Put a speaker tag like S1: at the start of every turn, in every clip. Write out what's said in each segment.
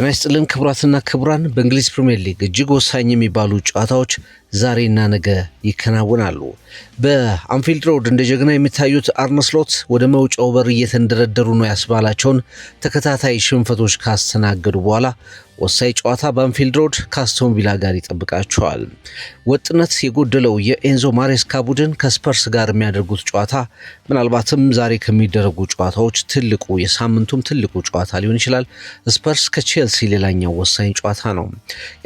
S1: ጤና ይስጥልን ክቡራትና ክቡራን፣ በእንግሊዝ ፕሪምየር ሊግ እጅግ ወሳኝ የሚባሉ ጨዋታዎች ዛሬና ነገ ይከናወናሉ። በአንፊልድ ሮድ እንደ ጀግና የሚታዩት አርነ ስሎት ወደ መውጫው በር እየተንደረደሩ ነው ያስባላቸውን ተከታታይ ሽንፈቶች ካስተናገዱ በኋላ ወሳኝ ጨዋታ በአንፊልድ ሮድ ከአስቶን ቪላ ጋር ይጠብቃቸዋል። ወጥነት የጎደለው የኤንዞ ማሬስካ ቡድን ከስፐርስ ጋር የሚያደርጉት ጨዋታ ምናልባትም ዛሬ ከሚደረጉ ጨዋታዎች ትልቁ የሳምንቱም ትልቁ ጨዋታ ሊሆን ይችላል። ስፐርስ ከቼልሲ ሌላኛው ወሳኝ ጨዋታ ነው።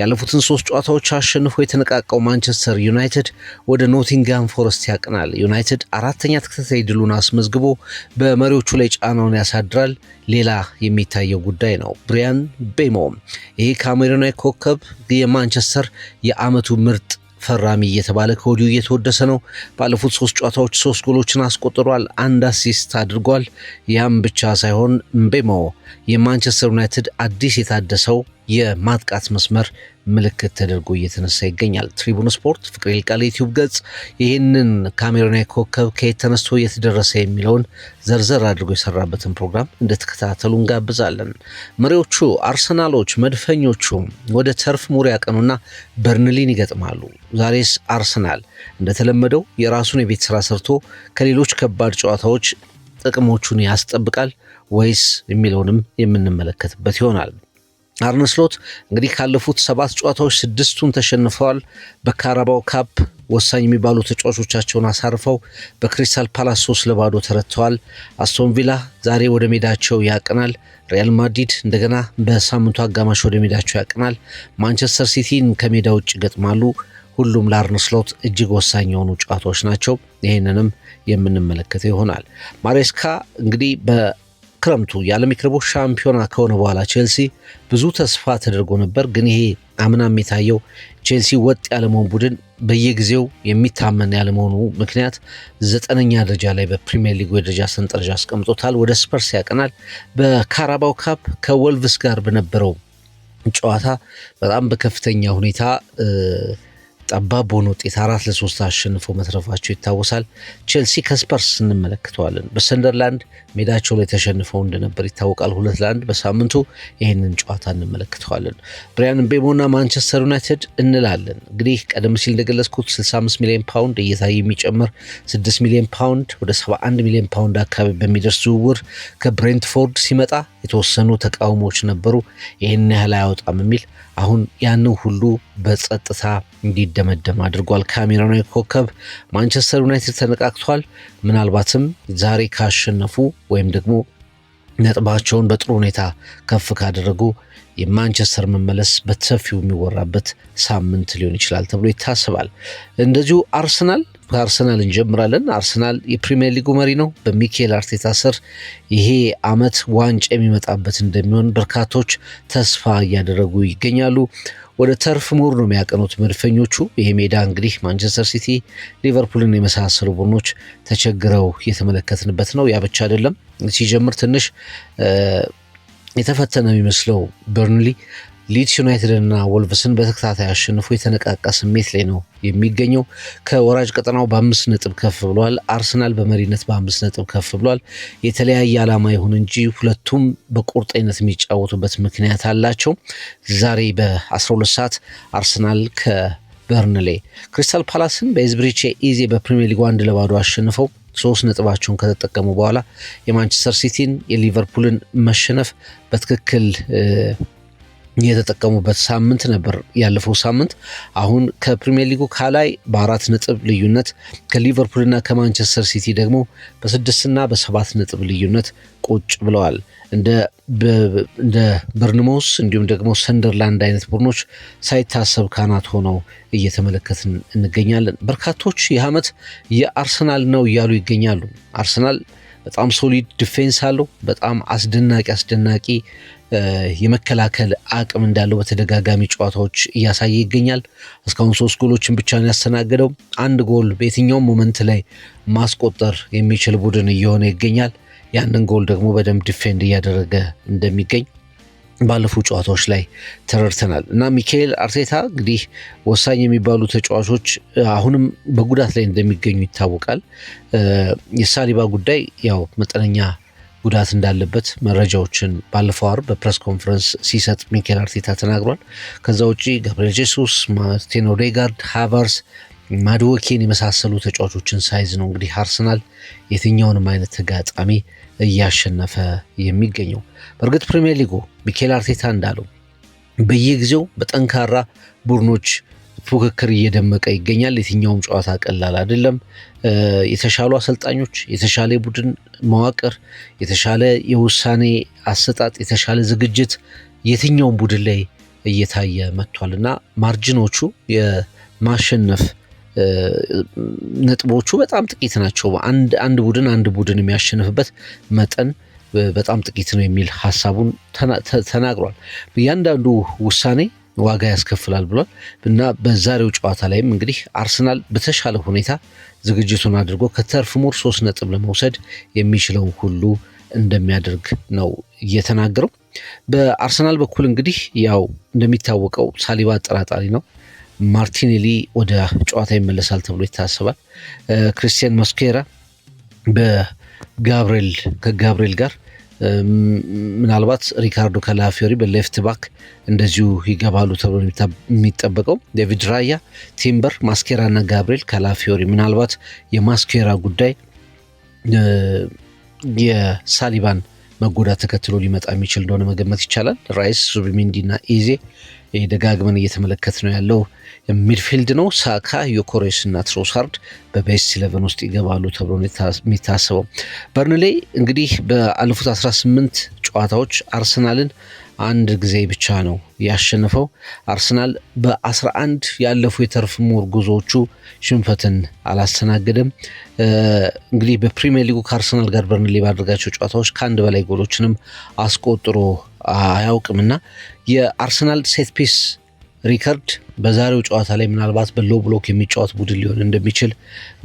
S1: ያለፉትን ሶስት ጨዋታዎች አሸንፎ የተነቃቀው ማንቸስተር ዩናይትድ ወደ ኖቲንጋም ፎረስት ያቅናል። ዩናይትድ አራተኛ ተከታታይ ድሉን አስመዝግቦ በመሪዎቹ ላይ ጫናውን ያሳድራል። ሌላ የሚታየው ጉዳይ ነው ብሪያን ቤሞ። ይህ ካሜሩናዊ ኮከብ የማንቸስተር የአመቱ ምርጥ ፈራሚ እየተባለ ከወዲሁ እየተወደሰ ነው። ባለፉት ሶስት ጨዋታዎች ሶስት ጎሎችን አስቆጥሯል፣ አንድ አሲስት አድርጓል። ያም ብቻ ሳይሆን ምቤሞ የማንቸስተር ዩናይትድ አዲስ የታደሰው የማጥቃት መስመር ምልክት ተደርጎ እየተነሳ ይገኛል። ትሪቡን ስፖርት ፍቅር ይልቃል ዩቲዩብ ገጽ ይህንን ካሜሩናዊ ኮከብ ከየት ተነስቶ እየተደረሰ የሚለውን ዘርዘር አድርጎ የሰራበትን ፕሮግራም እንድትከታተሉ እንጋብዛለን። መሪዎቹ አርሰናሎች፣ መድፈኞቹ ወደ ተርፍ ሙር ያቀኑና በርንሊን ይገጥማሉ። ዛሬስ አርሰናል እንደተለመደው የራሱን የቤት ስራ ሰርቶ ከሌሎች ከባድ ጨዋታዎች ጥቅሞቹን ያስጠብቃል ወይስ የሚለውንም የምንመለከትበት ይሆናል። አርነ ስሎት እንግዲህ ካለፉት ሰባት ጨዋታዎች ስድስቱን ተሸንፈዋል። በካራባው ካፕ ወሳኝ የሚባሉ ተጫዋቾቻቸውን አሳርፈው በክሪስታል ፓላስ ሶስት ለባዶ ተረትተዋል። አስቶን ቪላ ዛሬ ወደ ሜዳቸው ያቅናል ሪያል ማድሪድ እንደገና በሳምንቱ አጋማሽ ወደ ሜዳቸው ያቅናል። ማንቸስተር ሲቲን ከሜዳ ውጭ ይገጥማሉ። ሁሉም ለአርነ ስሎት እጅግ ወሳኝ የሆኑ ጨዋታዎች ናቸው። ይህንንም የምንመለከተው ይሆናል። ማሬስካ እንግዲህ ክረምቱ የዓለም የክለቦች ሻምፒዮና ከሆነ በኋላ ቼልሲ ብዙ ተስፋ ተደርጎ ነበር። ግን ይሄ አምናም የታየው ቼልሲ ወጥ ያለመሆን ቡድን በየጊዜው የሚታመን ያለመሆኑ ምክንያት ዘጠነኛ ደረጃ ላይ በፕሪሚየር ሊጉ የደረጃ ሰንጠረዥ አስቀምጦታል። ወደ ስፐርስ ያቀናል። በካራባው ካፕ ከወልቭስ ጋር በነበረው ጨዋታ በጣም በከፍተኛ ሁኔታ ጠባብ በሆነ ውጤት አራት ለሶስት አሸንፎ መትረፋቸው ይታወሳል። ቼልሲ ከስፐርስ እንመለከተዋለን። በሰንደርላንድ ሜዳቸው ላይ ተሸንፈው እንደነበር ይታወቃል፣ ሁለት ለአንድ በሳምንቱ ይህንን ጨዋታ እንመለከተዋለን። ብሪያን ቤሞና ማንቸስተር ዩናይትድ እንላለን። እንግዲህ ቀደም ሲል እንደገለጽኩት 65 ሚሊዮን ፓውንድ እየታየ የሚጨምር 6 ሚሊዮን ፓውንድ ወደ 71 ሚሊዮን ፓውንድ አካባቢ በሚደርስ ዝውውር ከብሬንትፎርድ ሲመጣ የተወሰኑ ተቃውሞዎች ነበሩ። ይህን ያህል አያወጣም የሚል አሁን ያንን ሁሉ በጸጥታ እንዲደመደም አድርጓል። ካሜሮናዊ ኮከብ ማንቸስተር ዩናይትድ ተነቃቅቷል። ምናልባትም ዛሬ ካሸነፉ ወይም ደግሞ ነጥባቸውን በጥሩ ሁኔታ ከፍ ካደረጉ የማንቸስተር መመለስ በሰፊው የሚወራበት ሳምንት ሊሆን ይችላል ተብሎ ይታሰባል። እንደዚሁ አርሰናል ከአርሰናል እንጀምራለን። አርሰናል የፕሪሚየር ሊጉ መሪ ነው። በሚኬል አርቴታ ስር ይሄ አመት ዋንጫ የሚመጣበት እንደሚሆን በርካቶች ተስፋ እያደረጉ ይገኛሉ። ወደ ተርፍ ሙር ነው የሚያቀኑት መድፈኞቹ። ይህ ሜዳ እንግዲህ ማንቸስተር ሲቲ፣ ሊቨርፑልን የመሳሰሉ ቡድኖች ተቸግረው የተመለከትንበት ነው። ያ ብቻ አይደለም። ሲጀምር ትንሽ የተፈተነ የሚመስለው በርንሊ ሊድስ ዩናይትድና ወልቭስን በተከታታይ አሸንፎ የተነቃቃ ስሜት ላይ ነው የሚገኘው። ከወራጅ ቀጠናው በአምስት ነጥብ ከፍ ብሏል። አርሰናል በመሪነት በአምስት ነጥብ ከፍ ብሏል። የተለያየ ዓላማ ይሁን እንጂ ሁለቱም በቁርጠኝነት የሚጫወቱበት ምክንያት አላቸው። ዛሬ በ12 ሰዓት አርሰናል ከበርንሌ ክሪስታል ፓላስን በኤዝብሪቼ ኢዜ በፕሪሚየር ሊግ አንድ ለባዶ አሸንፈው ሶስት ነጥባቸውን ከተጠቀሙ በኋላ የማንቸስተር ሲቲን የሊቨርፑልን መሸነፍ በትክክል የተጠቀሙበት ሳምንት ነበር ያለፈው ሳምንት። አሁን ከፕሪሚየር ሊጉ ካላይ በአራት ነጥብ ልዩነት ከሊቨርፑልና ከማንቸስተር ሲቲ ደግሞ በስድስትና በሰባት ነጥብ ልዩነት ቁጭ ብለዋል። እንደ በርንሞስ እንዲሁም ደግሞ ሰንደርላንድ አይነት ቡድኖች ሳይታሰብ ካናት ሆነው እየተመለከትን እንገኛለን። በርካቶች ይህ ዓመት የአርሰናል ነው እያሉ ይገኛሉ። አርሰናል በጣም ሶሊድ ዲፌንስ አለው። በጣም አስደናቂ አስደናቂ የመከላከል አቅም እንዳለው በተደጋጋሚ ጨዋታዎች እያሳየ ይገኛል። እስካሁን ሶስት ጎሎችን ብቻ ነው ያስተናገደው። አንድ ጎል በየትኛውም ሞመንት ላይ ማስቆጠር የሚችል ቡድን እየሆነ ይገኛል። ያንን ጎል ደግሞ በደንብ ዲፌንድ እያደረገ እንደሚገኝ ባለፉ ጨዋታዎች ላይ ተረድተናል እና ሚካኤል አርቴታ እንግዲህ ወሳኝ የሚባሉ ተጫዋቾች አሁንም በጉዳት ላይ እንደሚገኙ ይታወቃል። የሳሊባ ጉዳይ ያው መጠነኛ ጉዳት እንዳለበት መረጃዎችን ባለፈው አርብ በፕሬስ ኮንፈረንስ ሲሰጥ ሚኬል አርቴታ ተናግሯል። ከዛ ውጪ ገብርኤል ጄሱስ፣ ማርቲን ኦዴጋርድ፣ ሃቨርስ፣ ማድወኬን የመሳሰሉ ተጫዋቾችን ሳይዝ ነው እንግዲህ አርሰናል የትኛውንም አይነት ተጋጣሚ እያሸነፈ የሚገኘው። በእርግጥ ፕሪሚየር ሊጉ ሚኬል አርቴታ እንዳለው በየጊዜው በጠንካራ ቡድኖች ፉክክር እየደመቀ ይገኛል። የትኛውም ጨዋታ ቀላል አይደለም። የተሻሉ አሰልጣኞች፣ የተሻለ የቡድን መዋቅር፣ የተሻለ የውሳኔ አሰጣጥ፣ የተሻለ ዝግጅት የትኛውም ቡድን ላይ እየታየ መጥቷል እና ማርጅኖቹ የማሸነፍ ነጥቦቹ በጣም ጥቂት ናቸው። አንድ ቡድን አንድ ቡድን የሚያሸንፍበት መጠን በጣም ጥቂት ነው የሚል ሀሳቡን ተናግሯል። እያንዳንዱ ውሳኔ ዋጋ ያስከፍላል ብሏል እና በዛሬው ጨዋታ ላይም እንግዲህ አርሰናል በተሻለ ሁኔታ ዝግጅቱን አድርጎ ከተርፍ ሙር ሶስት ነጥብ ለመውሰድ የሚችለው ሁሉ እንደሚያደርግ ነው እየተናገረው። በአርሰናል በኩል እንግዲህ ያው እንደሚታወቀው ሳሊባ አጠራጣሪ ነው። ማርቲኔሊ ወደ ጨዋታ ይመለሳል ተብሎ ይታሰባል። ክርስቲያን ማስኬራ በጋብሪኤል ከጋብሪኤል ጋር ምናልባት ሪካርዶ ካላፊዮሪ በሌፍት ባክ እንደዚሁ ይገባሉ ተብሎ የሚጠበቀው ዴቪድ ራያ፣ ቲምበር፣ ማስኬራ እና ጋብሪኤል ካላፊዮሪ። ምናልባት የማስኬራ ጉዳይ የሳሊባን መጎዳት ተከትሎ ሊመጣ የሚችል እንደሆነ መገመት ይቻላል። ራይስ፣ ዙቢሜንዲ እና ኢዜ የደጋግመን ደጋግመን እየተመለከት ነው ያለው ሚድፊልድ ነው። ሳካ፣ ዮኮሬስ እና ትሮሳርድ በቤስት ኢለቨን ውስጥ ይገባሉ ተብሎ የሚታሰበው። በርንሌ እንግዲህ በአለፉት 18 ጨዋታዎች አርሰናልን አንድ ጊዜ ብቻ ነው ያሸነፈው። አርሰናል በ11 ያለፉ የተርፍ ሙር ጉዞዎቹ ሽንፈትን አላስተናገደም። እንግዲህ በፕሪሚየር ሊጉ ከአርሰናል ጋር በርንሌ ባደረጋቸው ጨዋታዎች ከአንድ በላይ ጎሎችንም አስቆጥሮ አያውቅም እና የአርሰናል ሴትፒስ ሪከርድ በዛሬው ጨዋታ ላይ ምናልባት በሎ ብሎክ የሚጫወት ቡድን ሊሆን እንደሚችል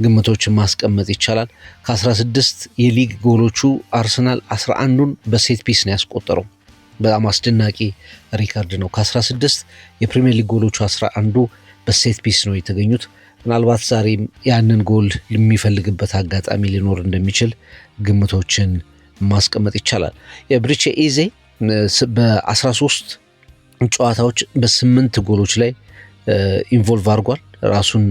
S1: ግምቶችን ማስቀመጥ ይቻላል። ከ16 የሊግ ጎሎቹ አርሰናል 11ዱን በሴት ፒስ ነው ያስቆጠረው። በጣም አስደናቂ ሪከርድ ነው። ከ16 የፕሪምየር ሊግ ጎሎቹ 11ዱ በሴት ፒስ ነው የተገኙት። ምናልባት ዛሬም ያንን ጎል የሚፈልግበት አጋጣሚ ሊኖር እንደሚችል ግምቶችን ማስቀመጥ ይቻላል። የብሪቼ ኢዜ በ13 ጨዋታዎች በስምንት ጎሎች ላይ ኢንቮልቭ አድርጓል። ራሱን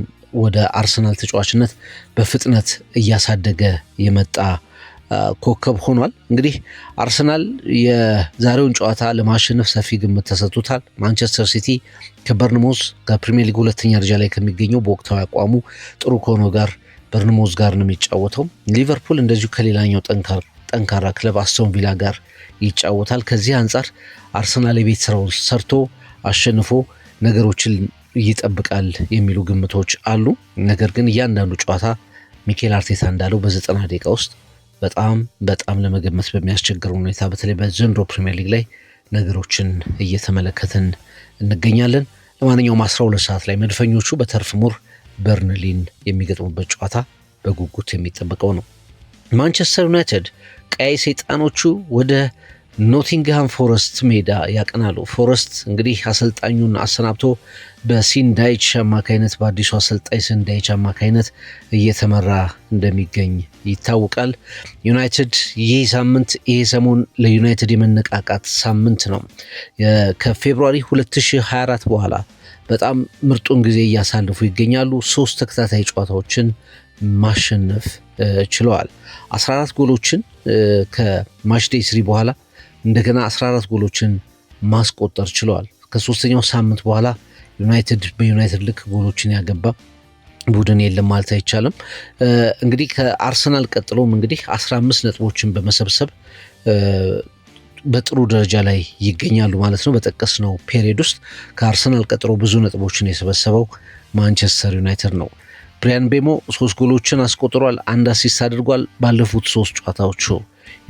S1: ወደ አርሰናል ተጫዋችነት በፍጥነት እያሳደገ የመጣ ኮከብ ሆኗል። እንግዲህ አርሰናል የዛሬውን ጨዋታ ለማሸነፍ ሰፊ ግምት ተሰጥቶታል። ማንቸስተር ሲቲ ከበርንሞዝ ከፕሪሚየር ሊግ ሁለተኛ ደረጃ ላይ ከሚገኘው በወቅታዊ አቋሙ ጥሩ ከሆነው ጋር በርንሞዝ ጋር ነው የሚጫወተው። ሊቨርፑል እንደዚሁ ከሌላኛው ጠንካራ ጠንካራ ክለብ አስቶን ቪላ ጋር ይጫወታል። ከዚህ አንጻር አርሰናል የቤት ስራው ሰርቶ አሸንፎ ነገሮችን ይጠብቃል የሚሉ ግምቶች አሉ። ነገር ግን እያንዳንዱ ጨዋታ ሚኬል አርቴታ እንዳለው በዘጠና ደቂቃ ውስጥ በጣም በጣም ለመገመት በሚያስቸግር ሁኔታ በተለይ በዘንድሮ ፕሪሚየር ሊግ ላይ ነገሮችን እየተመለከትን እንገኛለን። ለማንኛውም 12 ሰዓት ላይ መድፈኞቹ በተርፍ ሙር በርንሊን የሚገጥሙበት ጨዋታ በጉጉት የሚጠበቀው ነው። ማንቸስተር ዩናይትድ ቀይ ሰይጣኖቹ ወደ ኖቲንግሃም ፎረስት ሜዳ ያቀናሉ። ፎረስት እንግዲህ አሰልጣኙን አሰናብቶ በሲንዳይች አማካይነት በአዲሱ አሰልጣኝ ሲንዳይች አማካይነት እየተመራ እንደሚገኝ ይታወቃል። ዩናይትድ ይህ ሳምንት ይሄ ሰሞን ለዩናይትድ የመነቃቃት ሳምንት ነው። ከፌብሩዋሪ 2024 በኋላ በጣም ምርጡን ጊዜ እያሳለፉ ይገኛሉ። ሶስት ተከታታይ ጨዋታዎችን ማሸነፍ ችለዋል። 14 ጎሎችን ከማችዴይ ስሪ በኋላ እንደገና 14 ጎሎችን ማስቆጠር ችለዋል። ከሶስተኛው ሳምንት በኋላ ዩናይትድ በዩናይትድ ልክ ጎሎችን ያገባ ቡድን የለም ማለት አይቻልም። እንግዲህ ከአርሰናል ቀጥሎም እንግዲህ 15 ነጥቦችን በመሰብሰብ በጥሩ ደረጃ ላይ ይገኛሉ ማለት ነው። በጠቀስነው ፔሪድ ውስጥ ከአርሰናል ቀጥሎ ብዙ ነጥቦችን የሰበሰበው ማንቸስተር ዩናይትድ ነው። ብሪያን ቤሞ ሶስት ጎሎችን አስቆጥሯል፣ አንድ አሲስት አድርጓል። ባለፉት ሶስት ጨዋታዎቹ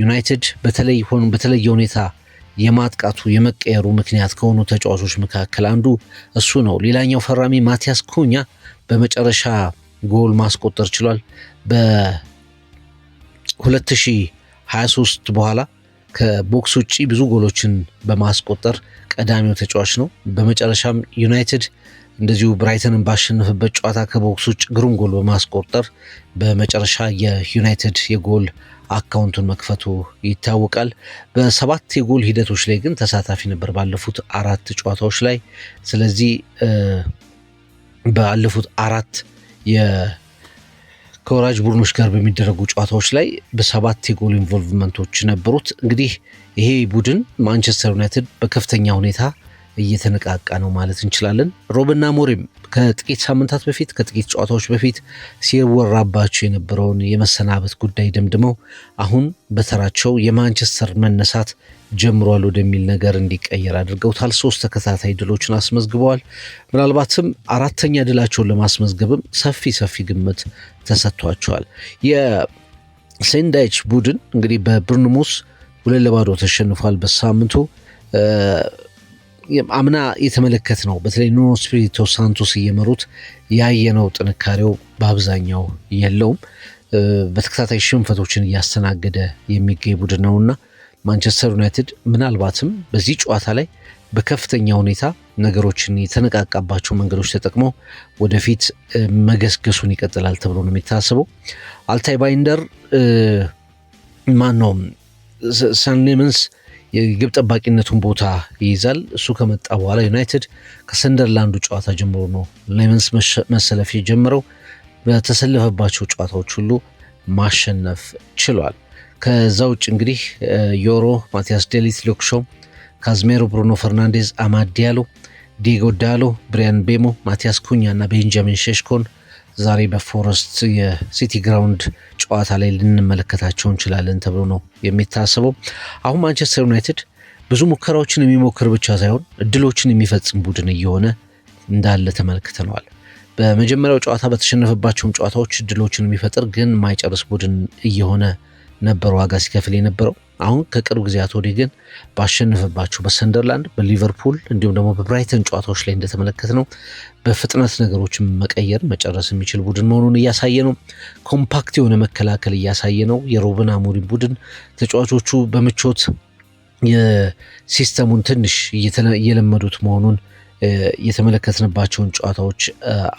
S1: ዩናይትድ በተለይ በተለየ ሁኔታ የማጥቃቱ የመቀየሩ ምክንያት ከሆኑ ተጫዋቾች መካከል አንዱ እሱ ነው። ሌላኛው ፈራሚ ማቲያስ ኩኛ በመጨረሻ ጎል ማስቆጠር ችሏል። በ2023 በኋላ ከቦክስ ውጪ ብዙ ጎሎችን በማስቆጠር ቀዳሚው ተጫዋች ነው። በመጨረሻም ዩናይትድ እንደዚሁ ብራይተንን ባሸነፈበት ጨዋታ ከቦክስ ውጭ ግሩም ጎል በማስቆጠር በመጨረሻ የዩናይትድ የጎል አካውንቱን መክፈቱ ይታወቃል። በሰባት የጎል ሂደቶች ላይ ግን ተሳታፊ ነበር ባለፉት አራት ጨዋታዎች ላይ። ስለዚህ ባለፉት አራት ከወራጅ ቡድኖች ጋር በሚደረጉ ጨዋታዎች ላይ በሰባት የጎል ኢንቮልቭመንቶች ነበሩት። እንግዲህ ይሄ ቡድን ማንቸስተር ዩናይትድ በከፍተኛ ሁኔታ እየተነቃቃ ነው ማለት እንችላለን። ሮብና ሞሪም ከጥቂት ሳምንታት በፊት ከጥቂት ጨዋታዎች በፊት ሲወራባቸው የነበረውን የመሰናበት ጉዳይ ደምድመው አሁን በተራቸው የማንቸስተር መነሳት ጀምሯል ወደሚል ነገር እንዲቀየር አድርገውታል። ሶስት ተከታታይ ድሎችን አስመዝግበዋል። ምናልባትም አራተኛ ድላቸውን ለማስመዝገብም ሰፊ ሰፊ ግምት ተሰጥቷቸዋል። የሴንዳይች ቡድን እንግዲህ በብርንሙስ ሁለት ለባዶ ተሸንፏል በሳምንቱ አምና የተመለከት ነው። በተለይ ኑኖ ስፒሪቶ ሳንቶስ እየመሩት ያየነው ጥንካሬው በአብዛኛው የለውም። በተከታታይ ሽንፈቶችን እያስተናገደ የሚገኝ ቡድን ነውና ማንቸስተር ዩናይትድ ምናልባትም በዚህ ጨዋታ ላይ በከፍተኛ ሁኔታ ነገሮችን የተነቃቃባቸው መንገዶች ተጠቅሞ ወደፊት መገስገሱን ይቀጥላል ተብሎ ነው የሚታሰበው። አልታይ ባይንደር ማን ነው ሰን ሌመንስ የግብ ጠባቂነቱን ቦታ ይይዛል። እሱ ከመጣ በኋላ ዩናይትድ ከሰንደርላንዱ ጨዋታ ጀምሮ ነው ሌመንስ መሰለፍ የጀመረው። በተሰለፈባቸው ጨዋታዎች ሁሉ ማሸነፍ ችሏል። ከዛ ውጭ እንግዲህ ዮሮ፣ ማቲያስ ዴሊት፣ ሎክሾም፣ ካዝሜሮ፣ ብሩኖ ፈርናንዴዝ፣ አማድ ዲያሎ፣ ዲጎ ዳሎ፣ ብሪያን ቤሞ፣ ማቲያስ ኩኛ እና ቤንጃሚን ሼሽኮን ዛሬ በፎረስት የሲቲ ግራውንድ ጨዋታ ላይ ልንመለከታቸው እንችላለን ተብሎ ነው የሚታሰበው። አሁን ማንቸስተር ዩናይትድ ብዙ ሙከራዎችን የሚሞክር ብቻ ሳይሆን እድሎችን የሚፈጽም ቡድን እየሆነ እንዳለ ተመልክተነዋል። በመጀመሪያው ጨዋታ በተሸነፈባቸውም ጨዋታዎች እድሎችን የሚፈጥር ግን ማይጨርስ ቡድን እየሆነ ነበር ዋጋ ሲከፍል የነበረው። አሁን ከቅርብ ጊዜያት ወዲህ ግን ባሸነፈባቸው በሰንደርላንድ፣ በሊቨርፑል እንዲሁም ደግሞ በብራይተን ጨዋታዎች ላይ እንደተመለከት ነው በፍጥነት ነገሮችን መቀየር መጨረስ የሚችል ቡድን መሆኑን እያሳየ ነው። ኮምፓክት የሆነ መከላከል እያሳየ ነው። የሩበን አሞሪም ቡድን ተጫዋቾቹ በምቾት የሲስተሙን ትንሽ እየለመዱት መሆኑን የተመለከትንባቸውን ጨዋታዎች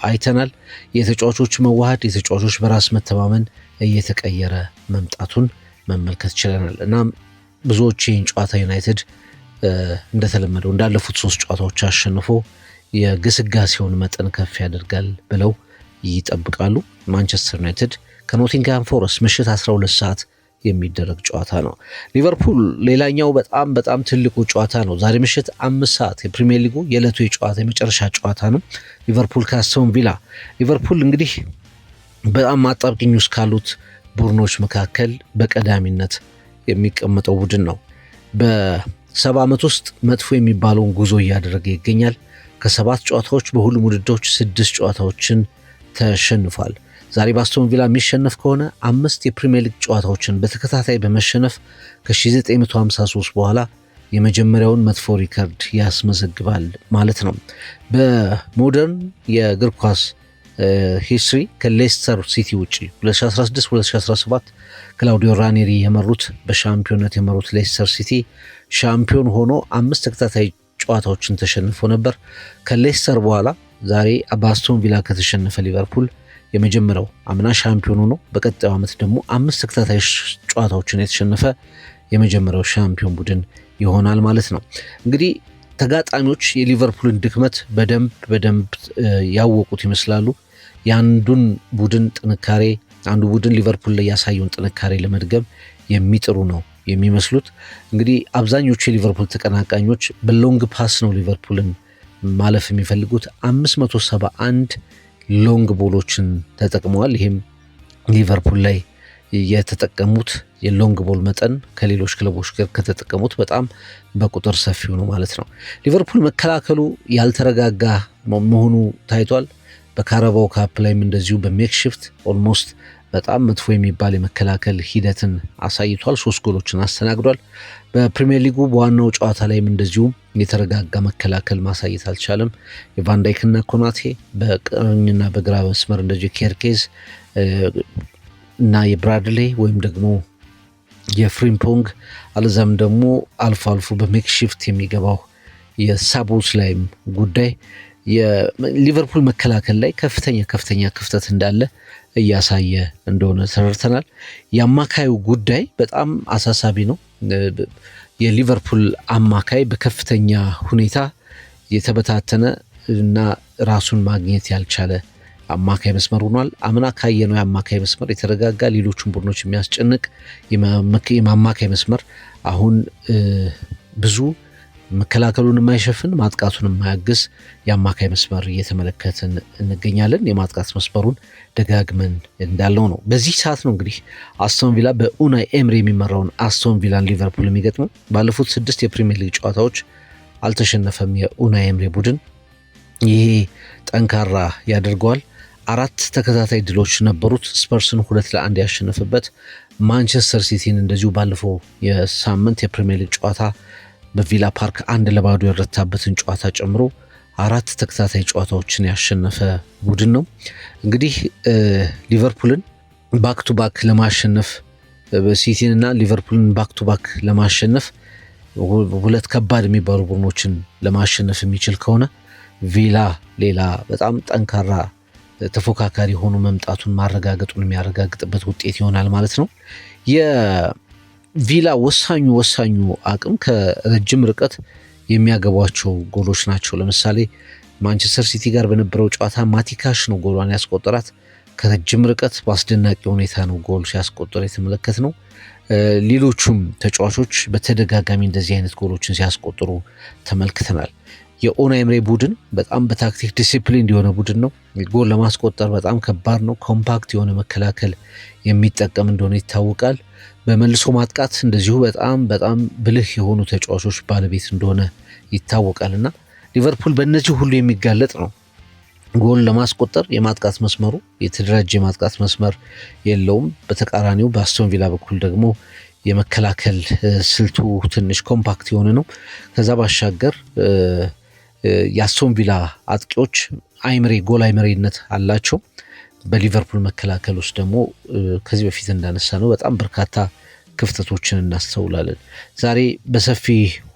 S1: አይተናል። የተጫዋቾች መዋሃድ፣ የተጫዋቾች በራስ መተማመን እየተቀየረ መምጣቱን መመልከት ችለናል። እናም ብዙዎች ይህን ጨዋታ ዩናይትድ እንደተለመደው እንዳለፉት ሶስት ጨዋታዎች አሸንፎ የግስጋሴውን መጠን ከፍ ያደርጋል ብለው ይጠብቃሉ። ማንቸስተር ዩናይትድ ከኖቲንግሃም ፎረስት ምሽት 12 ሰዓት የሚደረግ ጨዋታ ነው። ሊቨርፑል ሌላኛው በጣም በጣም ትልቁ ጨዋታ ነው። ዛሬ ምሽት አምስት ሰዓት የፕሪሚየር ሊጉ የዕለቱ የጨዋታ የመጨረሻ ጨዋታ ነው። ሊቨርፑል ከአስቶን ቪላ ሊቨርፑል እንግዲህ በጣም አጣብቂኝ ውስጥ ካሉት ቡድኖች መካከል በቀዳሚነት የሚቀመጠው ቡድን ነው። በሰባ ዓመት ውስጥ መጥፎ የሚባለውን ጉዞ እያደረገ ይገኛል። ከሰባት ጨዋታዎች በሁሉም ውድድሮች ስድስት ጨዋታዎችን ተሸንፏል። ዛሬ በአስቶን ቪላ የሚሸነፍ ከሆነ አምስት የፕሪምየር ሊግ ጨዋታዎችን በተከታታይ በመሸነፍ ከ1953 በኋላ የመጀመሪያውን መጥፎ ሪከርድ ያስመዘግባል ማለት ነው። በሞደርን የእግር ኳስ ሂስትሪ ከሌስተር ሲቲ ውጭ 2016-2017 ክላውዲዮ ራኔሪ የመሩት በሻምፒዮንነት የመሩት ሌስተር ሲቲ ሻምፒዮን ሆኖ አምስት ተከታታይ ጨዋታዎችን ተሸንፎ ነበር። ከሌስተር በኋላ ዛሬ በአስቶን ቪላ ከተሸነፈ ሊቨርፑል የመጀመሪያው አምና ሻምፒዮን ሆኖ በቀጣዩ ዓመት ደግሞ አምስት ተከታታይ ጨዋታዎችን የተሸነፈ የመጀመሪያው ሻምፒዮን ቡድን ይሆናል ማለት ነው። እንግዲህ ተጋጣሚዎች የሊቨርፑልን ድክመት በደንብ በደንብ ያወቁት ይመስላሉ። የአንዱን ቡድን ጥንካሬ አንዱ ቡድን ሊቨርፑል ላይ ያሳየውን ጥንካሬ ለመድገም የሚጥሩ ነው የሚመስሉት። እንግዲህ አብዛኞቹ የሊቨርፑል ተቀናቃኞች በሎንግ ፓስ ነው ሊቨርፑልን ማለፍ የሚፈልጉት። 571 ሎንግ ቦሎችን ተጠቅመዋል። ይህም ሊቨርፑል ላይ የተጠቀሙት የሎንግ ቦል መጠን ከሌሎች ክለቦች ጋር ከተጠቀሙት በጣም በቁጥር ሰፊው ነው ማለት ነው። ሊቨርፑል መከላከሉ ያልተረጋጋ መሆኑ ታይቷል። በካረባው ካፕ ላይም እንደዚሁ በሜክሽፍት ኦልሞስት በጣም መጥፎ የሚባል የመከላከል ሂደትን አሳይቷል። ሶስት ጎሎችን አስተናግዷል። በፕሪሚየር ሊጉ በዋናው ጨዋታ ላይም እንደዚሁ የተረጋጋ መከላከል ማሳየት አልቻለም። የቫንዳይክና ኮናቴ በቀኝና በግራ መስመር እንደዚሁ ኬርኬዝ እና የብራድሌ ወይም ደግሞ የፍሪምፖንግ አለዛም ደግሞ አልፎ አልፎ በሜክሽፍት የሚገባው የሳቦስ ላይም ጉዳይ ሊቨርፑል መከላከል ላይ ከፍተኛ ከፍተኛ ክፍተት እንዳለ እያሳየ እንደሆነ ተረድተናል። የአማካዩ ጉዳይ በጣም አሳሳቢ ነው። የሊቨርፑል አማካይ በከፍተኛ ሁኔታ የተበታተነ እና ራሱን ማግኘት ያልቻለ አማካይ መስመር ሆኗል። አምና ካየነው የአማካይ መስመር የተረጋጋ ሌሎችን ቡድኖች የሚያስጨንቅ የማማካይ መስመር አሁን ብዙ መከላከሉን የማይሸፍን ማጥቃቱን የማያግዝ የአማካይ መስመር እየተመለከትን እንገኛለን። የማጥቃት መስመሩን ደጋግመን እንዳለው ነው። በዚህ ሰዓት ነው እንግዲህ አስቶን ቪላ በኡናይ ኤምሪ የሚመራውን አስቶን ቪላን ሊቨርፑል የሚገጥመው። ባለፉት ስድስት የፕሪሚየር ሊግ ጨዋታዎች አልተሸነፈም የኡናይ ኤምሪ ቡድን። ይሄ ጠንካራ ያደርገዋል። አራት ተከታታይ ድሎች ነበሩት። ስፐርስን ሁለት ለአንድ ያሸነፈበት፣ ማንቸስተር ሲቲን እንደዚሁ ባለፈው የሳምንት የፕሪሚየር ሊግ ጨዋታ በቪላ ፓርክ አንድ ለባዶ የረታበትን ጨዋታ ጨምሮ አራት ተከታታይ ጨዋታዎችን ያሸነፈ ቡድን ነው። እንግዲህ ሊቨርፑልን ባክ ቱ ባክ ለማሸነፍ ሲቲን እና ሊቨርፑልን ባክ ቱ ባክ ለማሸነፍ ሁለት ከባድ የሚባሉ ቡድኖችን ለማሸነፍ የሚችል ከሆነ ቪላ ሌላ በጣም ጠንካራ ተፎካካሪ ሆኖ መምጣቱን ማረጋገጡን የሚያረጋግጥበት ውጤት ይሆናል ማለት ነው። ቪላ ወሳኙ ወሳኙ አቅም ከረጅም ርቀት የሚያገቧቸው ጎሎች ናቸው። ለምሳሌ ማንቸስተር ሲቲ ጋር በነበረው ጨዋታ ማቲካሽ ነው ጎሏን ያስቆጠራት። ከረጅም ርቀት በአስደናቂ ሁኔታ ነው ጎል ሲያስቆጠር የተመለከት ነው። ሌሎቹም ተጫዋቾች በተደጋጋሚ እንደዚህ አይነት ጎሎችን ሲያስቆጥሩ ተመልክተናል። የኦናይምሬ ቡድን በጣም በታክቲክ ዲሲፕሊን የሆነ ቡድን ነው። ጎል ለማስቆጠር በጣም ከባድ ነው። ኮምፓክት የሆነ መከላከል የሚጠቀም እንደሆነ ይታወቃል። በመልሶ ማጥቃት እንደዚሁ በጣም በጣም ብልህ የሆኑ ተጫዋቾች ባለቤት እንደሆነ ይታወቃልና ሊቨርፑል በእነዚህ ሁሉ የሚጋለጥ ነው። ጎል ለማስቆጠር የማጥቃት መስመሩ የተደራጀ የማጥቃት መስመር የለውም። በተቃራኒው በአስቶን ቪላ በኩል ደግሞ የመከላከል ስልቱ ትንሽ ኮምፓክት የሆነ ነው። ከዛ ባሻገር የአስቶን ቪላ አጥቂዎች አይምሬ ጎል አይምሬነት አላቸው። በሊቨርፑል መከላከል ውስጥ ደግሞ ከዚህ በፊት እንዳነሳ ነው በጣም በርካታ ክፍተቶችን እናስተውላለን። ዛሬ በሰፊ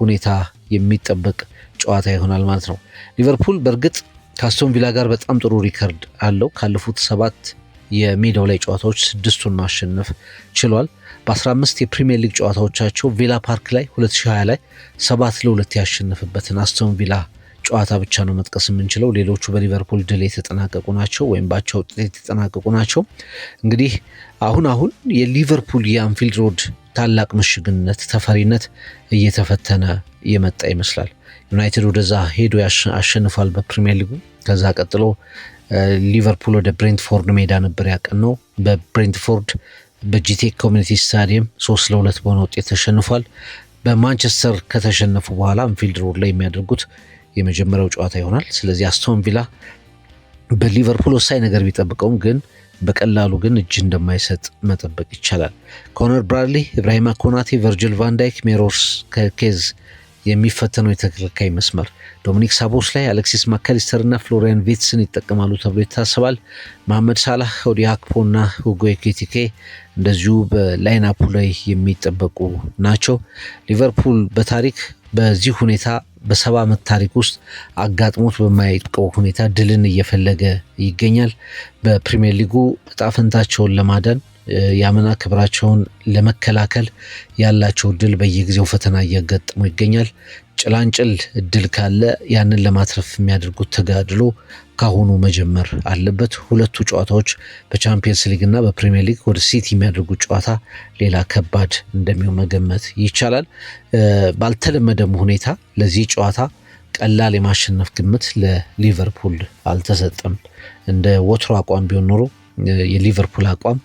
S1: ሁኔታ የሚጠበቅ ጨዋታ ይሆናል ማለት ነው። ሊቨርፑል በእርግጥ ከአስቶን ቪላ ጋር በጣም ጥሩ ሪከርድ አለው። ካለፉት ሰባት የሜዳው ላይ ጨዋታዎች ስድስቱን ማሸነፍ ችሏል። በ15 የፕሪሚየር ሊግ ጨዋታዎቻቸው ቪላ ፓርክ ላይ 2020 ላይ ሰባት ለሁለት ያሸነፈበትን አስቶን ቪላ ጨዋታ ብቻ ነው መጥቀስ የምንችለው። ሌሎቹ በሊቨርፑል ድል የተጠናቀቁ ናቸው ወይም በአቻ ውጤት የተጠናቀቁ ናቸው። እንግዲህ አሁን አሁን የሊቨርፑል የአንፊልድ ሮድ ታላቅ ምሽግነት፣ ተፈሪነት እየተፈተነ የመጣ ይመስላል። ዩናይትድ ወደዛ ሄዶ አሸንፏል በፕሪሚየር ሊጉ። ከዛ ቀጥሎ ሊቨርፑል ወደ ብሬንትፎርድ ሜዳ ነበር ያቀነው። በብሬንትፎርድ በጂቴክ ኮሚኒቲ ስታዲየም ሶስት ለሁለት በሆነ ውጤት ተሸንፏል። በማንቸስተር ከተሸነፉ በኋላ አንፊልድ ሮድ ላይ የሚያደርጉት የመጀመሪያው ጨዋታ ይሆናል። ስለዚህ አስቶን ቪላ በሊቨርፑል ወሳኝ ነገር ቢጠብቀውም ግን በቀላሉ ግን እጅ እንደማይሰጥ መጠበቅ ይቻላል። ኮነር ብራድሊ፣ ኢብራሂማ ኮናቴ፣ ቨርጅል ቫንዳይክ፣ ሜሮርስ ከኬዝ የሚፈተነው የተከላካይ መስመር ዶሚኒክ ሳቦስ ላይ አሌክሲስ ማካሊስተር እና ፍሎሪያን ቬትስን ይጠቀማሉ ተብሎ ይታሰባል። መሐመድ ሳላህ፣ ኦዲ አክፖ እና ሁጎ ኤኪቲኬ እንደዚሁ በላይናፑ ላይ የሚጠበቁ ናቸው። ሊቨርፑል በታሪክ በዚህ ሁኔታ በሰባ ዓመት ታሪክ ውስጥ አጋጥሞት በማያውቀው ሁኔታ ድልን እየፈለገ ይገኛል። በፕሪሚየር ሊጉ እጣ ፈንታቸውን ለማዳን የአምና ክብራቸውን ለመከላከል ያላቸው እድል በየጊዜው ፈተና እያጋጠሙ ይገኛል። ጭላንጭል እድል ካለ ያንን ለማትረፍ የሚያደርጉት ተጋድሎ ካሁኑ መጀመር አለበት። ሁለቱ ጨዋታዎች በቻምፒየንስ እና በፕሪሚየር ሊግ ወደ ሲቲ የሚያደርጉት ጨዋታ ሌላ ከባድ እንደሚሆን መገመት ይቻላል። ባልተለመደም ሁኔታ ለዚህ ጨዋታ ቀላል የማሸነፍ ግምት ለሊቨርፑል አልተሰጠም። እንደ ወትሮ አቋም ቢሆን ኖሮ የሊቨርፑል አቋም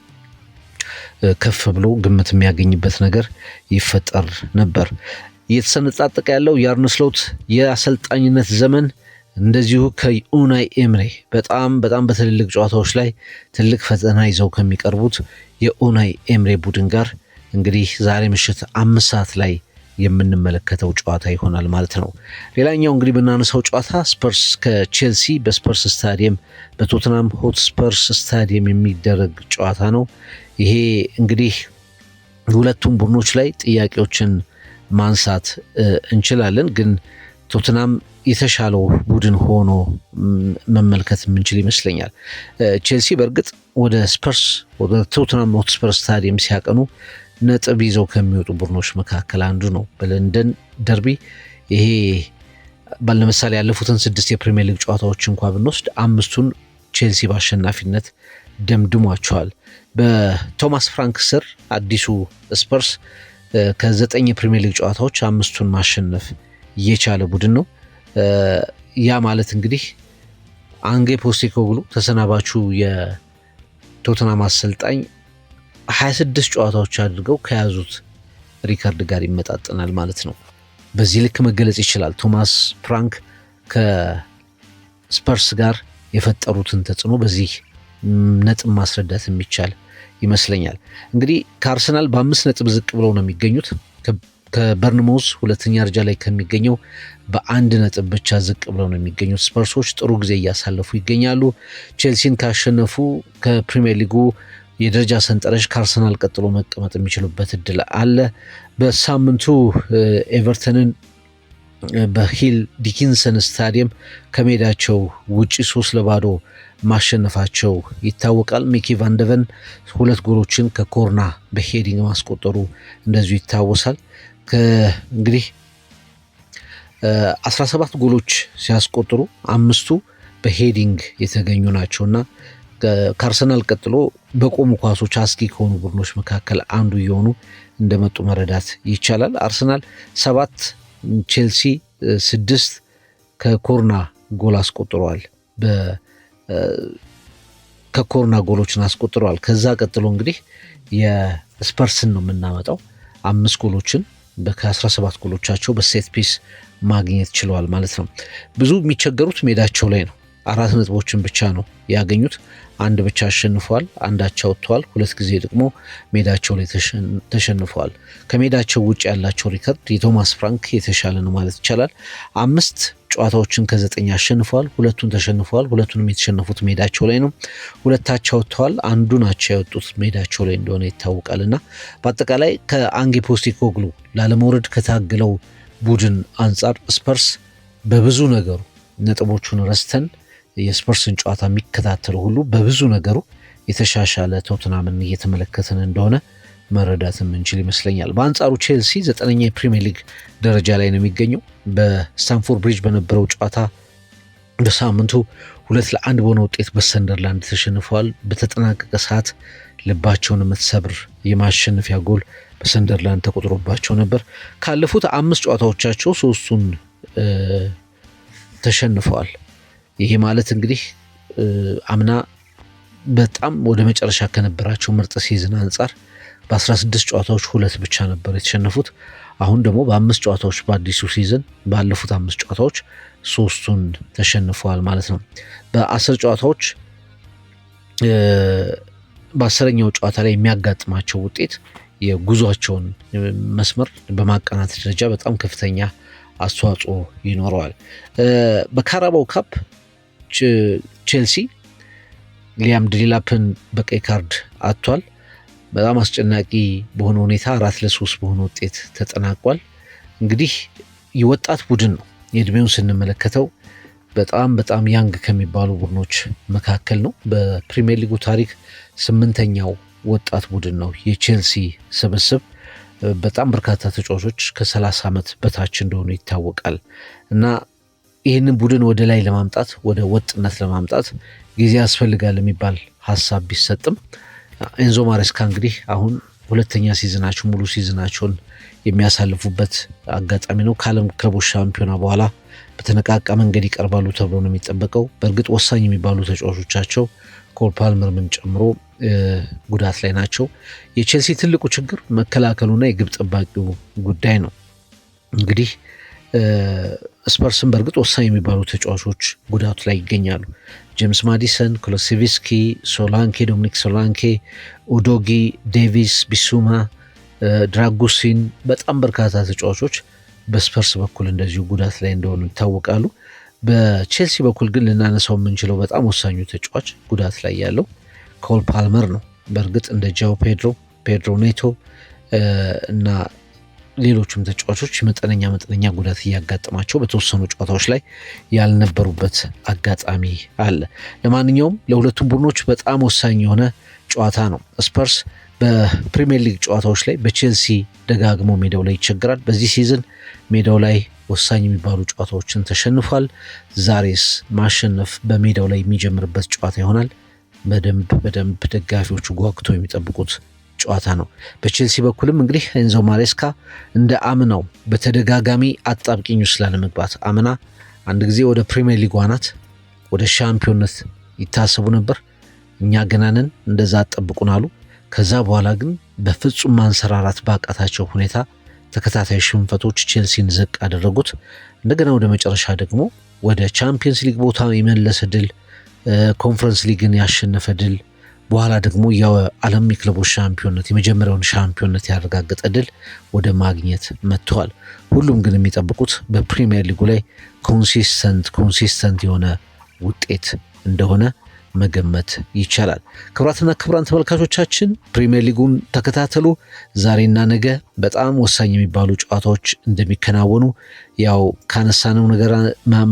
S1: ከፍ ብሎ ግምት የሚያገኝበት ነገር ይፈጠር ነበር። እየተሰነጣጠቀ ያለው የአርነ ስሎት የአሰልጣኝነት ዘመን እንደዚሁ ከኡናይ ኤምሬ በጣም በጣም በትልልቅ ጨዋታዎች ላይ ትልቅ ፈተና ይዘው ከሚቀርቡት የኡናይ ኤምሬ ቡድን ጋር እንግዲህ ዛሬ ምሽት አምስት ሰዓት ላይ የምንመለከተው ጨዋታ ይሆናል ማለት ነው። ሌላኛው እንግዲህ ብናነሳው ጨዋታ ስፐርስ ከቼልሲ በስፐርስ ስታዲየም በቶትናም ሆትስፐርስ ስታዲየም የሚደረግ ጨዋታ ነው። ይሄ እንግዲህ ሁለቱም ቡድኖች ላይ ጥያቄዎችን ማንሳት እንችላለን። ግን ቶትናም የተሻለው ቡድን ሆኖ መመልከት የምንችል ይመስለኛል። ቼልሲ በእርግጥ ወደ ስፐርስ ወደ ቶትናም ሆትስፐር ስታዲየም ሲያቀኑ ነጥብ ይዘው ከሚወጡ ቡድኖች መካከል አንዱ ነው። በለንደን ደርቢ ይሄ ለምሳሌ ያለፉትን ስድስት የፕሪሚየር ሊግ ጨዋታዎች እንኳ ብንወስድ አምስቱን ቼልሲ በአሸናፊነት ደምድሟቸዋል። በቶማስ ፍራንክ ስር አዲሱ ስፐርስ ከዘጠኝ የፕሪሚየር ሊግ ጨዋታዎች አምስቱን ማሸነፍ የቻለ ቡድን ነው። ያ ማለት እንግዲህ አንጌ ፖስቴኮግሉ ተሰናባቹ የቶተናም አሰልጣኝ 26 ጨዋታዎች አድርገው ከያዙት ሪከርድ ጋር ይመጣጠናል ማለት ነው። በዚህ ልክ መገለጽ ይችላል ቶማስ ፍራንክ ከስፐርስ ጋር የፈጠሩትን ተጽዕኖ በዚህ ነጥብ ማስረዳት የሚቻል ይመስለኛል። እንግዲህ ከአርሰናል በአምስት ነጥብ ዝቅ ብለው ነው የሚገኙት ከበርንሞዝ ሁለተኛ ደረጃ ላይ ከሚገኘው በአንድ ነጥብ ብቻ ዝቅ ብለው ነው የሚገኙት። ስፐርሶች ጥሩ ጊዜ እያሳለፉ ይገኛሉ። ቼልሲን ካሸነፉ ከፕሪሚየር ሊጉ የደረጃ ሰንጠረዥ ከአርሰናል ቀጥሎ መቀመጥ የሚችሉበት እድል አለ። በሳምንቱ ኤቨርተንን በሂል ዲኪንሰን ስታዲየም ከሜዳቸው ውጪ ሶስት ለባዶ ማሸነፋቸው ይታወቃል። ሚኪ ቫንደቨን ሁለት ጎሎችን ከኮርና በሄዲንግ ማስቆጠሩ እንደዚሁ ይታወሳል። እንግዲህ 17 ጎሎች ሲያስቆጥሩ አምስቱ በሄዲንግ የተገኙ ናቸው እና ከአርሰናል ቀጥሎ በቆሙ ኳሶች አስጊ ከሆኑ ቡድኖች መካከል አንዱ የሆኑ እንደመጡ መረዳት ይቻላል። አርሰናል ሰባት፣ ቼልሲ ስድስት ከኮርና ጎል አስቆጥረዋል። ከኮርና ጎሎችን አስቆጥረዋል። ከዛ ቀጥሎ እንግዲህ የስፐርስን ነው የምናመጣው። አምስት ጎሎችን ከ17 ጎሎቻቸው በሴት ፒስ ማግኘት ችለዋል ማለት ነው። ብዙ የሚቸገሩት ሜዳቸው ላይ ነው። አራት ነጥቦችን ብቻ ነው ያገኙት። አንድ ብቻ አሸንፏል፣ አንዳቻ ወጥቷል። ሁለት ጊዜ ደግሞ ሜዳቸው ላይ ተሸንፈዋል። ከሜዳቸው ውጭ ያላቸው ሪከርድ የቶማስ ፍራንክ የተሻለ ነው ማለት ይቻላል። አምስት ጨዋታዎችን ከዘጠኝ አሸንፏል። ሁለቱን ተሸንፏል። ሁለቱንም የተሸነፉት ሜዳቸው ላይ ነው። ሁለታቻ ወጥተዋል። አንዱ ናቸው ያወጡት ሜዳቸው ላይ እንደሆነ ይታወቃል። እና በአጠቃላይ ከአንጌ ፖስቴኮግሉ ላለመውረድ ከታግለው ቡድን አንጻር ስፐርስ በብዙ ነገሩ ነጥቦቹን ረስተን የስፐርስን ጨዋታ የሚከታተሉ ሁሉ በብዙ ነገሩ የተሻሻለ ቶትናምን እየተመለከትን እንደሆነ መረዳት የምንችል ይመስለኛል። በአንጻሩ ቼልሲ ዘጠነኛ የፕሪሚየር ሊግ ደረጃ ላይ ነው የሚገኘው። በስታንፎርድ ብሪጅ በነበረው ጨዋታ በሳምንቱ ሁለት ለአንድ በሆነ ውጤት በሰንደርላንድ ተሸንፈዋል። በተጠናቀቀ ሰዓት ልባቸውን የምትሰብር የማሸነፊያ ጎል በሰንደርላንድ ተቆጥሮባቸው ነበር። ካለፉት አምስት ጨዋታዎቻቸው ሶስቱን ተሸንፈዋል። ይሄ ማለት እንግዲህ አምና በጣም ወደ መጨረሻ ከነበራቸው ምርጥ ሲዝን አንጻር በ16 ጨዋታዎች ሁለት ብቻ ነበር የተሸነፉት። አሁን ደግሞ በአምስት ጨዋታዎች በአዲሱ ሲዝን ባለፉት አምስት ጨዋታዎች ሶስቱን ተሸንፈዋል ማለት ነው። በአስር ጨዋታዎች በአስረኛው ጨዋታ ላይ የሚያጋጥማቸው ውጤት የጉዟቸውን መስመር በማቀናት ደረጃ በጣም ከፍተኛ አስተዋጽኦ ይኖረዋል። በካራባው ካፕ ቼልሲ ሊያም ድሊላፕን በቀይ ካርድ አጥቷል። በጣም አስጨናቂ በሆነ ሁኔታ አራት ለሶስት በሆነ ውጤት ተጠናቋል። እንግዲህ የወጣት ቡድን ነው። የእድሜውን ስንመለከተው በጣም በጣም ያንግ ከሚባሉ ቡድኖች መካከል ነው። በፕሪሚየር ሊጉ ታሪክ ስምንተኛው ወጣት ቡድን ነው የቼልሲ ስብስብ። በጣም በርካታ ተጫዋቾች ከ30 ዓመት በታች እንደሆኑ ይታወቃል እና ይህንን ቡድን ወደ ላይ ለማምጣት ወደ ወጥነት ለማምጣት ጊዜ ያስፈልጋል የሚባል ሀሳብ ቢሰጥም ኤንዞ ማሬስካ እንግዲህ አሁን ሁለተኛ ሲዝናቸው ሙሉ ሲዝናቸውን የሚያሳልፉበት አጋጣሚ ነው። ከዓለም ክለቦች ሻምፒዮና በኋላ በተነቃቃ መንገድ ይቀርባሉ ተብሎ ነው የሚጠበቀው። በእርግጥ ወሳኝ የሚባሉ ተጫዋቾቻቸው ኮል ፓልመርንም ጨምሮ ጉዳት ላይ ናቸው። የቼልሲ ትልቁ ችግር መከላከሉና የግብ ጠባቂው ጉዳይ ነው እንግዲህ ስፐርስን በእርግጥ ወሳኝ የሚባሉ ተጫዋቾች ጉዳቱ ላይ ይገኛሉ። ጄምስ ማዲሰን፣ ኮሎሲቪስኪ፣ ሶላንኬ፣ ዶሚኒክ ሶላንኬ፣ ኡዶጊ፣ ዴቪስ፣ ቢሱማ፣ ድራጉሲን በጣም በርካታ ተጫዋቾች በስፐርስ በኩል እንደዚሁ ጉዳት ላይ እንደሆኑ ይታወቃሉ። በቼልሲ በኩል ግን ልናነሳው የምንችለው በጣም ወሳኙ ተጫዋች ጉዳት ላይ ያለው ኮል ፓልመር ነው። በእርግጥ እንደ ጃው ፔድሮ ፔድሮ ኔቶ እና ሌሎችም ተጫዋቾች መጠነኛ መጠነኛ ጉዳት እያጋጠማቸው በተወሰኑ ጨዋታዎች ላይ ያልነበሩበት አጋጣሚ አለ። ለማንኛውም ለሁለቱም ቡድኖች በጣም ወሳኝ የሆነ ጨዋታ ነው። ስፐርስ በፕሪሚየር ሊግ ጨዋታዎች ላይ በቼልሲ ደጋግሞ ሜዳው ላይ ይቸግራል። በዚህ ሲዝን ሜዳው ላይ ወሳኝ የሚባሉ ጨዋታዎችን ተሸንፏል። ዛሬስ ማሸነፍ በሜዳው ላይ የሚጀምርበት ጨዋታ ይሆናል። በደንብ በደንብ ደጋፊዎቹ ጓግቶ የሚጠብቁት ጨዋታ ነው። በቼልሲ በኩልም እንግዲህ ኤንዞ ማሬስካ እንደ አምናው በተደጋጋሚ አጣብቂኝ ውስጥ ላለመግባት አምና አንድ ጊዜ ወደ ፕሪሚየር ሊግ ዋናት ወደ ሻምፒዮንነት ይታሰቡ ነበር። እኛ ገናንን እንደዛ አጠብቁን አሉ። ከዛ በኋላ ግን በፍጹም ማንሰራራት ባቃታቸው ሁኔታ ተከታታይ ሽንፈቶች ቼልሲን ዝቅ አደረጉት። እንደገና ወደ መጨረሻ ደግሞ ወደ ቻምፒየንስ ሊግ ቦታ የመለሰ ድል፣ ኮንፈረንስ ሊግን ያሸነፈ ድል በኋላ ደግሞ የዓለም የክለቦች ሻምፒዮንነት የመጀመሪያውን ሻምፒዮንነት ያረጋገጠ ድል ወደ ማግኘት መጥተዋል። ሁሉም ግን የሚጠብቁት በፕሪሚየር ሊጉ ላይ ኮንሲስተንት ኮንሲስተንት የሆነ ውጤት እንደሆነ መገመት ይቻላል። ክቡራትና ክቡራን ተመልካቾቻችን ፕሪምየር ሊጉን ተከታተሉ። ዛሬና ነገ በጣም ወሳኝ የሚባሉ ጨዋታዎች እንደሚከናወኑ ያው ካነሳነው ነገር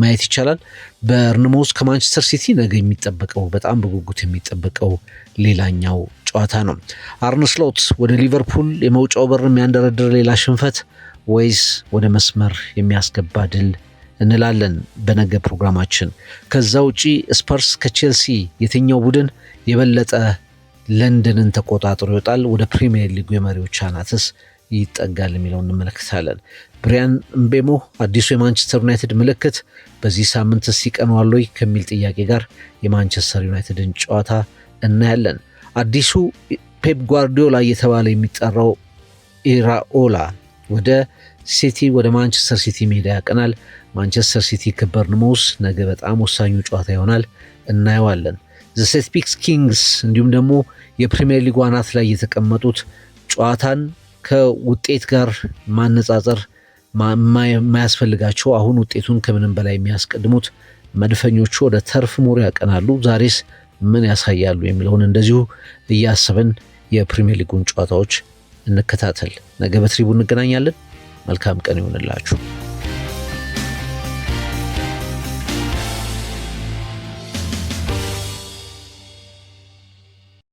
S1: ማየት ይቻላል። በርንሞስ ከማንቸስተር ሲቲ ነገ የሚጠበቀው በጣም በጉጉት የሚጠበቀው ሌላኛው ጨዋታ ነው። አርንስሎት ወደ ሊቨርፑል የመውጫው በር የሚያንደረድር ሌላ ሽንፈት ወይስ ወደ መስመር የሚያስገባ ድል እንላለን በነገ ፕሮግራማችን። ከዛ ውጪ ስፐርስ ከቼልሲ የትኛው ቡድን የበለጠ ለንደንን ተቆጣጥሮ ይወጣል፣ ወደ ፕሪምየር ሊጉ የመሪዎች አናትስ ይጠጋል የሚለው እንመለከታለን። ብሪያን እምቤሞ አዲሱ የማንቸስተር ዩናይትድ ምልክት በዚህ ሳምንት ሲቀኗል ወይ ከሚል ጥያቄ ጋር የማንቸስተር ዩናይትድን ጨዋታ እናያለን። አዲሱ ፔፕ ጓርዲዮላ እየተባለ የሚጠራው ኢራኦላ ወደ ሲቲ ወደ ማንቸስተር ሲቲ ሜዳ ያቀናል። ማንቸስተር ሲቲ ከበርንሞስ ነገ በጣም ወሳኙ ጨዋታ ይሆናል፣ እናየዋለን። ዘሴትፒክስ ኪንግስ እንዲሁም ደግሞ የፕሪምየር ሊጉ አናት ላይ የተቀመጡት ጨዋታን ከውጤት ጋር ማነጻጸር የማያስፈልጋቸው አሁን ውጤቱን ከምንም በላይ የሚያስቀድሙት መድፈኞቹ ወደ ተርፍ ሞር ያቀናሉ። ዛሬስ ምን ያሳያሉ የሚለውን እንደዚሁ እያሰብን የፕሪምየር ሊጉን ጨዋታዎች እንከታተል። ነገ በትሪቡ እንገናኛለን። መልካም ቀን ይሆንላችሁ።